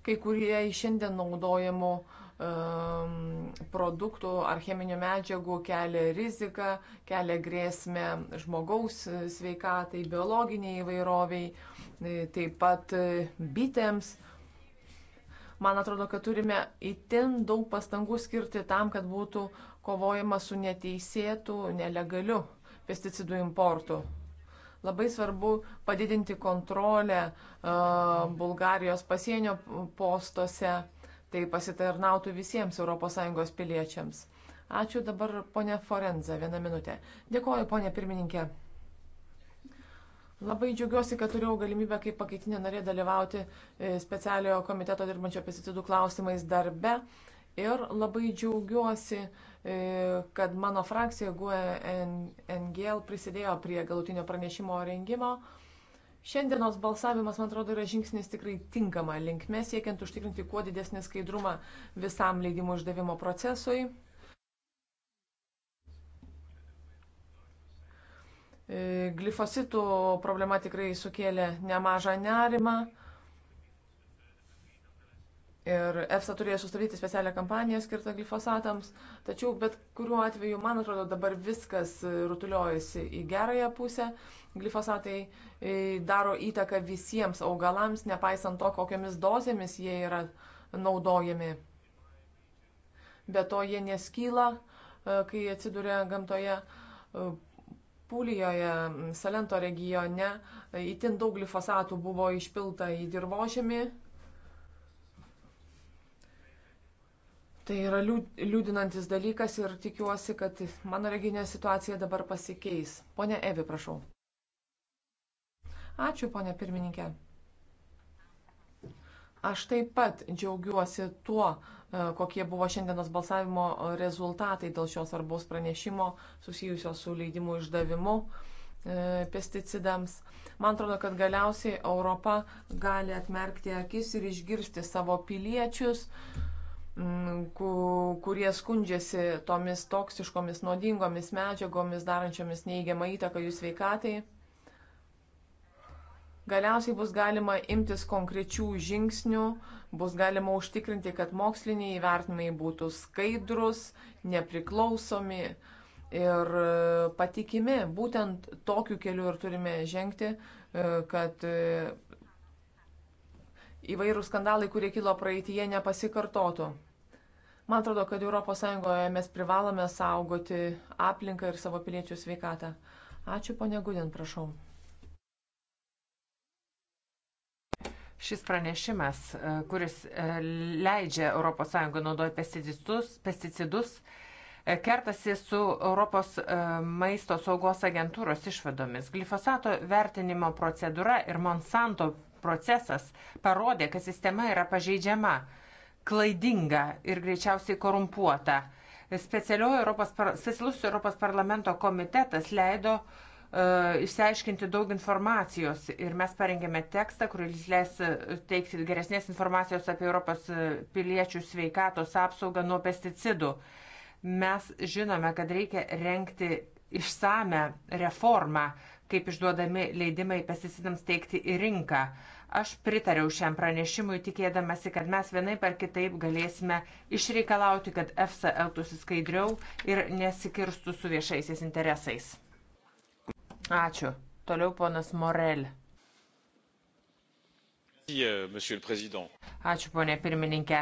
Speaker 4: kai kurie iš šiandien naudojamų uh, um, produktų ar cheminių medžiagų kelia riziką, kelia grėsmę žmogaus sveikatai, biologiniai įvairoviai, e, taip pat e, bitėms. Man atrodo, kad turime itin daug pastangų skirti tam, kad būtų kovojama su neteisėtų, nelegaliu pesticidų importu. Labai svarbu padidinti kontrolę uh, Bulgarijos pasienio postuose. Uh, Tai pasitarnautų visiems ES piliečiams. Ačiū dabar ponė Forenza, vieną minutę. Dėkoju, ponė pirmininkė. Labai džiaugiuosi, kad turėjau galimybę kaip pakeitinė narė dalyvauti e, specialiojo komiteto dirbančio pesticidų klausimais darbe. Ir labai džiaugiuosi, e, kad mano frakcija GUE NGL prisidėjo prie galutinio pranešimo rengimo. Šiandienos balsavimas, man atrodo, yra žingsnis tikrai tinkama linkme, siekiant užtikrinti kuo didesnį skaidrumą visam leidimų išdavimo procesui. E, glifositų problema tikrai sukėlė nemažą nerimą. Ir EFSA turėjo sustabdyti specialią kampaniją skirtą glifosatams. Tačiau bet kuriuo atveju, man atrodo, dabar viskas rutuliojasi į gerąją pusę. Glifosatai e, daro įtaką visiems augalams, nepaisant to, kokiamis dozėmis jie yra naudojami. Be to, jie neskyla, e, kai atsiduria gamtoje. E, Pulijoje, Salento regione, itin daug glifosatų buvo išpilta į dirbožėmį, Tai yra liūdinantis dalykas ir tikiuosi, kad mano reginė situacija dabar pasikeis. Pone Evi, prašau. Ačiū, ponė pirmininkė. Aš taip pat džiaugiuosi tuo, e, kokie buvo šiandienos balsavimo rezultatai dėl šios svarbaus pranešimo susijusios su leidimu išdavimu e, pesticidams. Man atrodo, kad galiausiai Europa gali atmerkti akis ir išgirsti savo piliečius, kurie skundžiasi tomis toksiškomis, nuodingomis medžiagomis, darančiomis neįgiamą įtaką jų sveikatai. Galiausiai bus galima imtis konkrečių žingsnių, bus galima užtikrinti, kad moksliniai įvertinimai būtų skaidrus, nepriklausomi ir e, patikimi. Būtent tokiu keliu ir turime žengti, e, kad e, įvairūs skandalai, kurie kilo praeitie, nepasikartotų. Man atrodo, kad ES mes privalome saugoti aplinką ir savo piliečių sveikatą. Ačiū, ponia Gudin, prašau. Šis pranešimas, e, kuris e,
Speaker 1: leidžia ES naudoti pesticidus, pesticidus, e, kertasi su Europos maisto saugos agentūros išvadomis. Glifosato vertinimo procedūra ir Monsanto procesas parodė, kad sistema yra pažeidžiama, klaidinga ir greičiausiai korumpuota. Europos, specialus Europos parlamento komitetas leido uh, E, išsiaiškinti daug informacijos ir mes parengėme tekstą, kuris leis e, teikti geresnės informacijos apie Europos e, piliečių sveikatos apsaugą nuo pesticidų. Mes žinome, kad reikia renkti išsame reformą, kaip išduodami leidimai pesticidams teikti į rinką. Aš pritariau šiam pranešimui, tikėdamasi, kad mes vienai par kitaip galėsime išreikalauti, kad EFSA elgtųsi skaidriau ir nesikirstų su viešaisiais interesais. Ačiū. Toliau ponas Morel.
Speaker 2: Euh, Ačiū,
Speaker 1: ponė pirmininkė.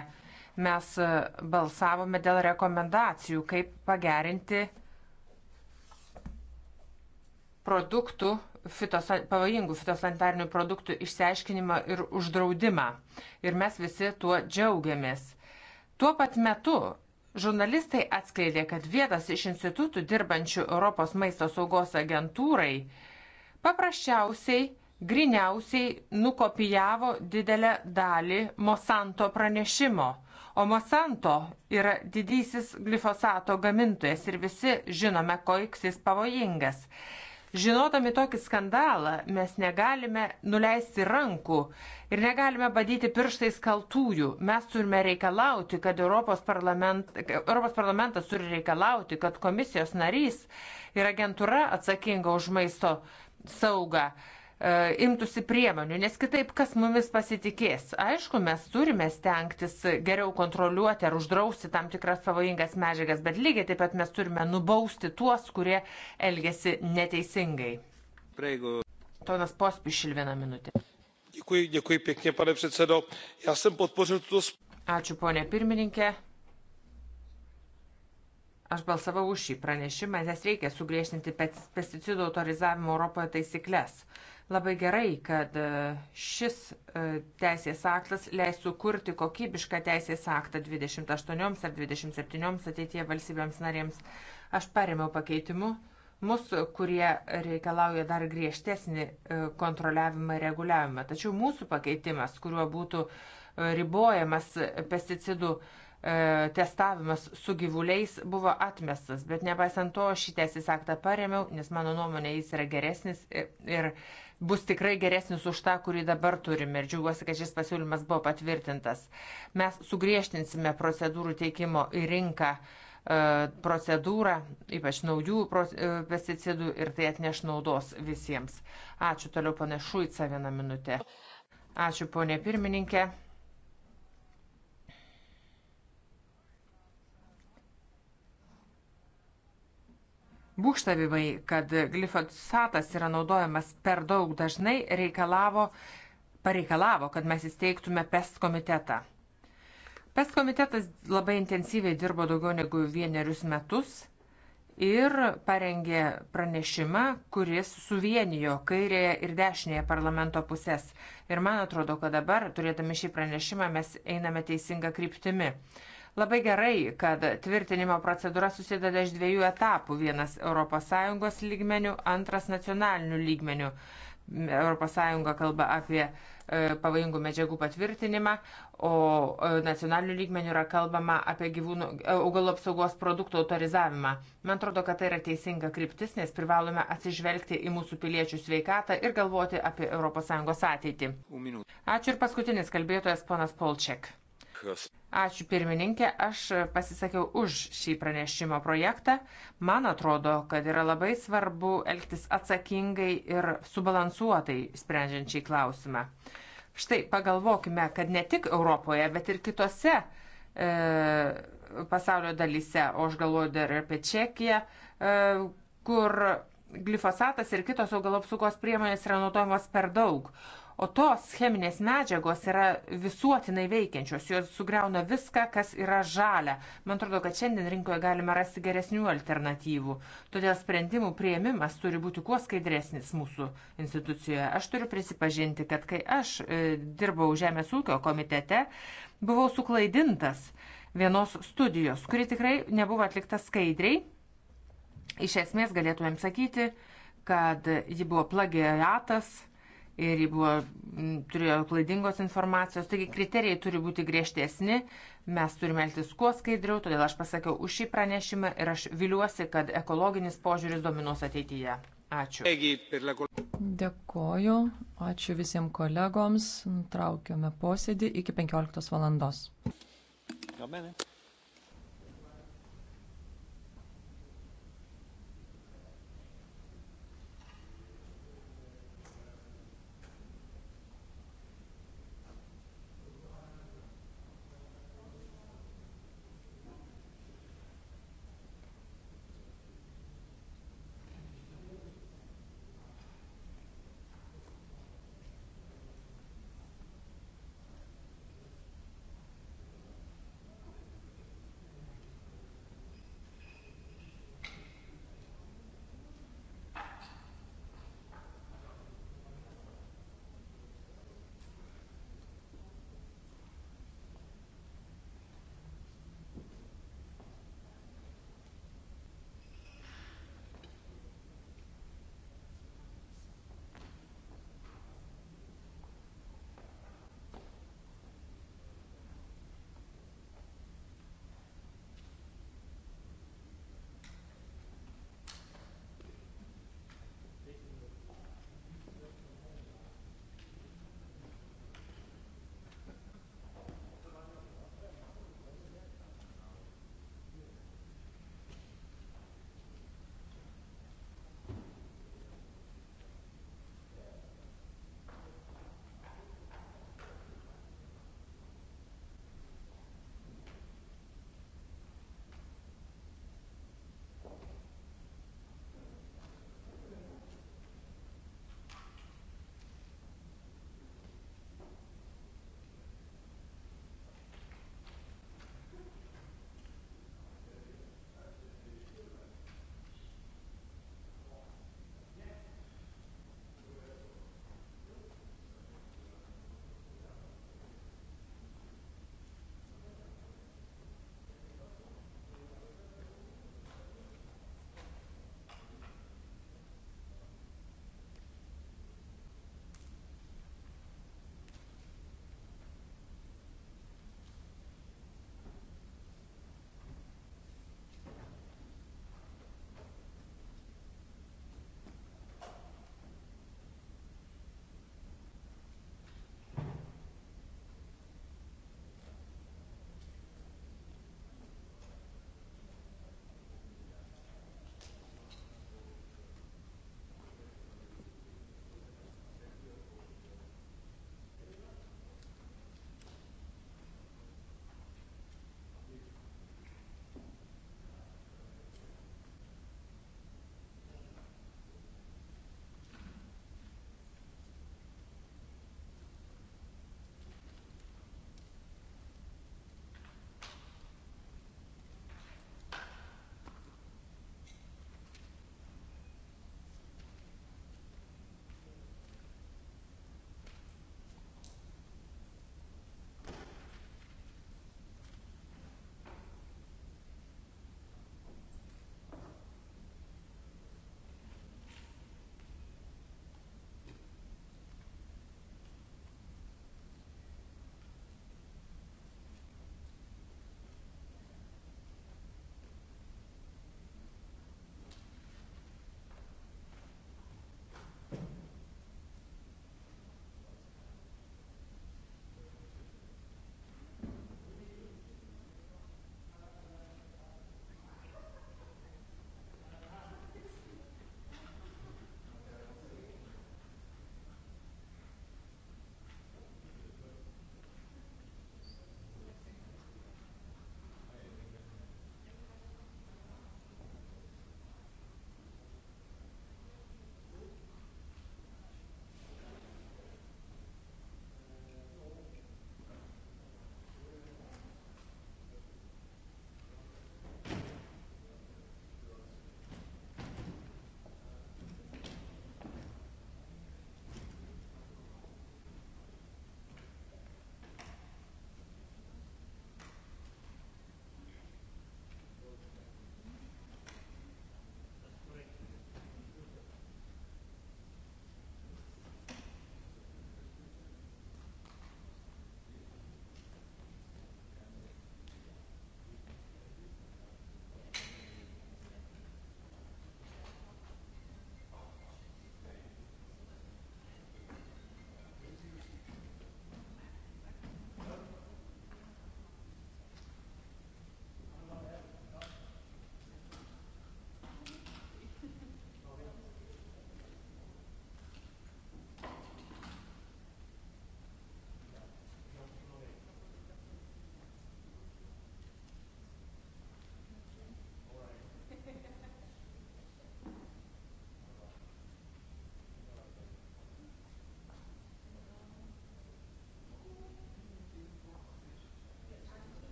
Speaker 1: Mes e, balsavome dėl rekomendacijų, kaip pagerinti produktų, fitos, pavojingų fitosanitarinių produktų išsiaiškinimą ir uždraudimą. Ir mes visi tuo džiaugiamės. Tuo pat metu Žurnalistai atskleidė, kad vienas iš institutų dirbančių Europos maisto saugos agentūrai paprasčiausiai, griniausiai nukopijavo didelę dalį Monsanto pranešimo. O Monsanto yra didysis glifosato gamintojas ir visi žinome, koks jis pavojingas. Žinodami tokį skandalą, mes negalime nuleisti rankų ir negalime badyti pirštais kaltųjų. Mes turime reikalauti, kad Europos, parlament, Europos parlamentas turi reikalauti, kad komisijos narys ir agentūra atsakinga už maisto saugą E, imtųsi priemonių, nes kitaip kas mumis pasitikės. Aišku, mes turime stengtis geriau kontroliuoti ar uždrausti tam tikras pavojingas medžiagas, bet lygiai taip pat mes turime nubausti tuos, kurie elgesi neteisingai. Prieigų. Tonas Pospišil vieną minutę.
Speaker 2: Dėkui, dėkui, pėknie, pane predsedo. Esam podpožil tuos.
Speaker 1: Ačiū, ponė pirmininkė. Aš balsavau už šį pranešimą, nes reikia sugriežtinti pesticidų autorizavimo Europoje taisyklės Labai gerai, kad e, šis e, teisės aktas leis sukurti kokybišką teisės aktą 28 ar 27 ateitie valstybėms narėms. Aš paremiau pakeitimu mus, kurie reikalauja dar griežtesnį e, kontroliavimą ir reguliavimą. Tačiau mūsų pakeitimas, kuriuo būtų ribojamas pesticidų testavimas su gyvuliais buvo atmestas, bet nepaisant to šį teisės aktą paremiau, nes mano nuomonė jis yra geresnis ir, ir bus tikrai geresnis už tą, kurį dabar turime. Ir džiaugiuosi, kad šis pasiūlymas buvo patvirtintas. Mes sugriežtinsime procedūrų teikimo į rinką e, procedūrą, ypač naujų e, pesticidų ir tai atneš naudos visiems. Ačiū toliau panašu į save vieną minutę. Ačiū ponė pirmininkė. būkštavimai, kad glifosatas yra naudojamas per daug dažnai, reikalavo, pareikalavo, kad mes įsteigtume PEST komitetą. PEST komitetas labai intensyviai dirbo daugiau negu vienerius metus ir parengė pranešimą, kuris suvienijo kairėje ir dešinėje parlamento pusės. Ir man atrodo, kad dabar, turėdami šį pranešimą, mes einame teisinga kryptimi. Labai gerai, kad tvirtinimo procedūra susideda iš dviejų etapų. Vienas ES lygmenių, antras nacionalinių lygmenių. ES kalba apie e, pavojingų medžiagų patvirtinimą, o e, nacionaliniu lygmeniu yra kalbama apie gyvūnų e, augalų apsaugos produktų autorizavimą. Man atrodo, kad tai yra teisinga kryptis, nes privalome atsižvelgti į mūsų piliečių sveikatą ir galvoti apie ES ateitį. Ačiū ir paskutinis kalbėtojas ponas Polčiak. Ačiū pirmininkė, aš pasisakiau už šį pranešimo projektą. Man atrodo, kad yra labai svarbu elgtis atsakingai ir subalansuotai sprendžiant šį klausimą. Štai pagalvokime, kad ne tik Europoje, bet ir kitose e, pasaulio dalyse, o aš galvoju dar ir apie Čekiją, e, kur glifosatas ir kitos augalų apsaugos priemonės yra naudojamos per daug. O tos cheminės medžiagos yra visuotinai veikiančios, jos sugriauna viską, kas yra žalia. Man atrodo, kad šiandien rinkoje galima rasti geresnių alternatyvų. Todėl sprendimų prieimimas turi būti kuo skaidresnis mūsų institucijoje. Aš turiu prisipažinti, kad kai aš e, dirbau Žemės ūkio komitete, buvau suklaidintas vienos studijos, kuri tikrai nebuvo atlikta skaidriai. Iš esmės galėtumėm sakyti, kad ji buvo plagiatas ir ji buvo, turėjo klaidingos informacijos. Taigi kriterijai turi būti griežtesni, mes turime elgtis kuo skaidriau, todėl aš pasakiau už šį pranešimą ir aš viliuosi, kad ekologinis požiūris dominuos ateityje. Ačiū. Dėkoju,
Speaker 3: ačiū visiems kolegoms, nutraukiame posėdį iki 15 valandos.
Speaker 2: Jo,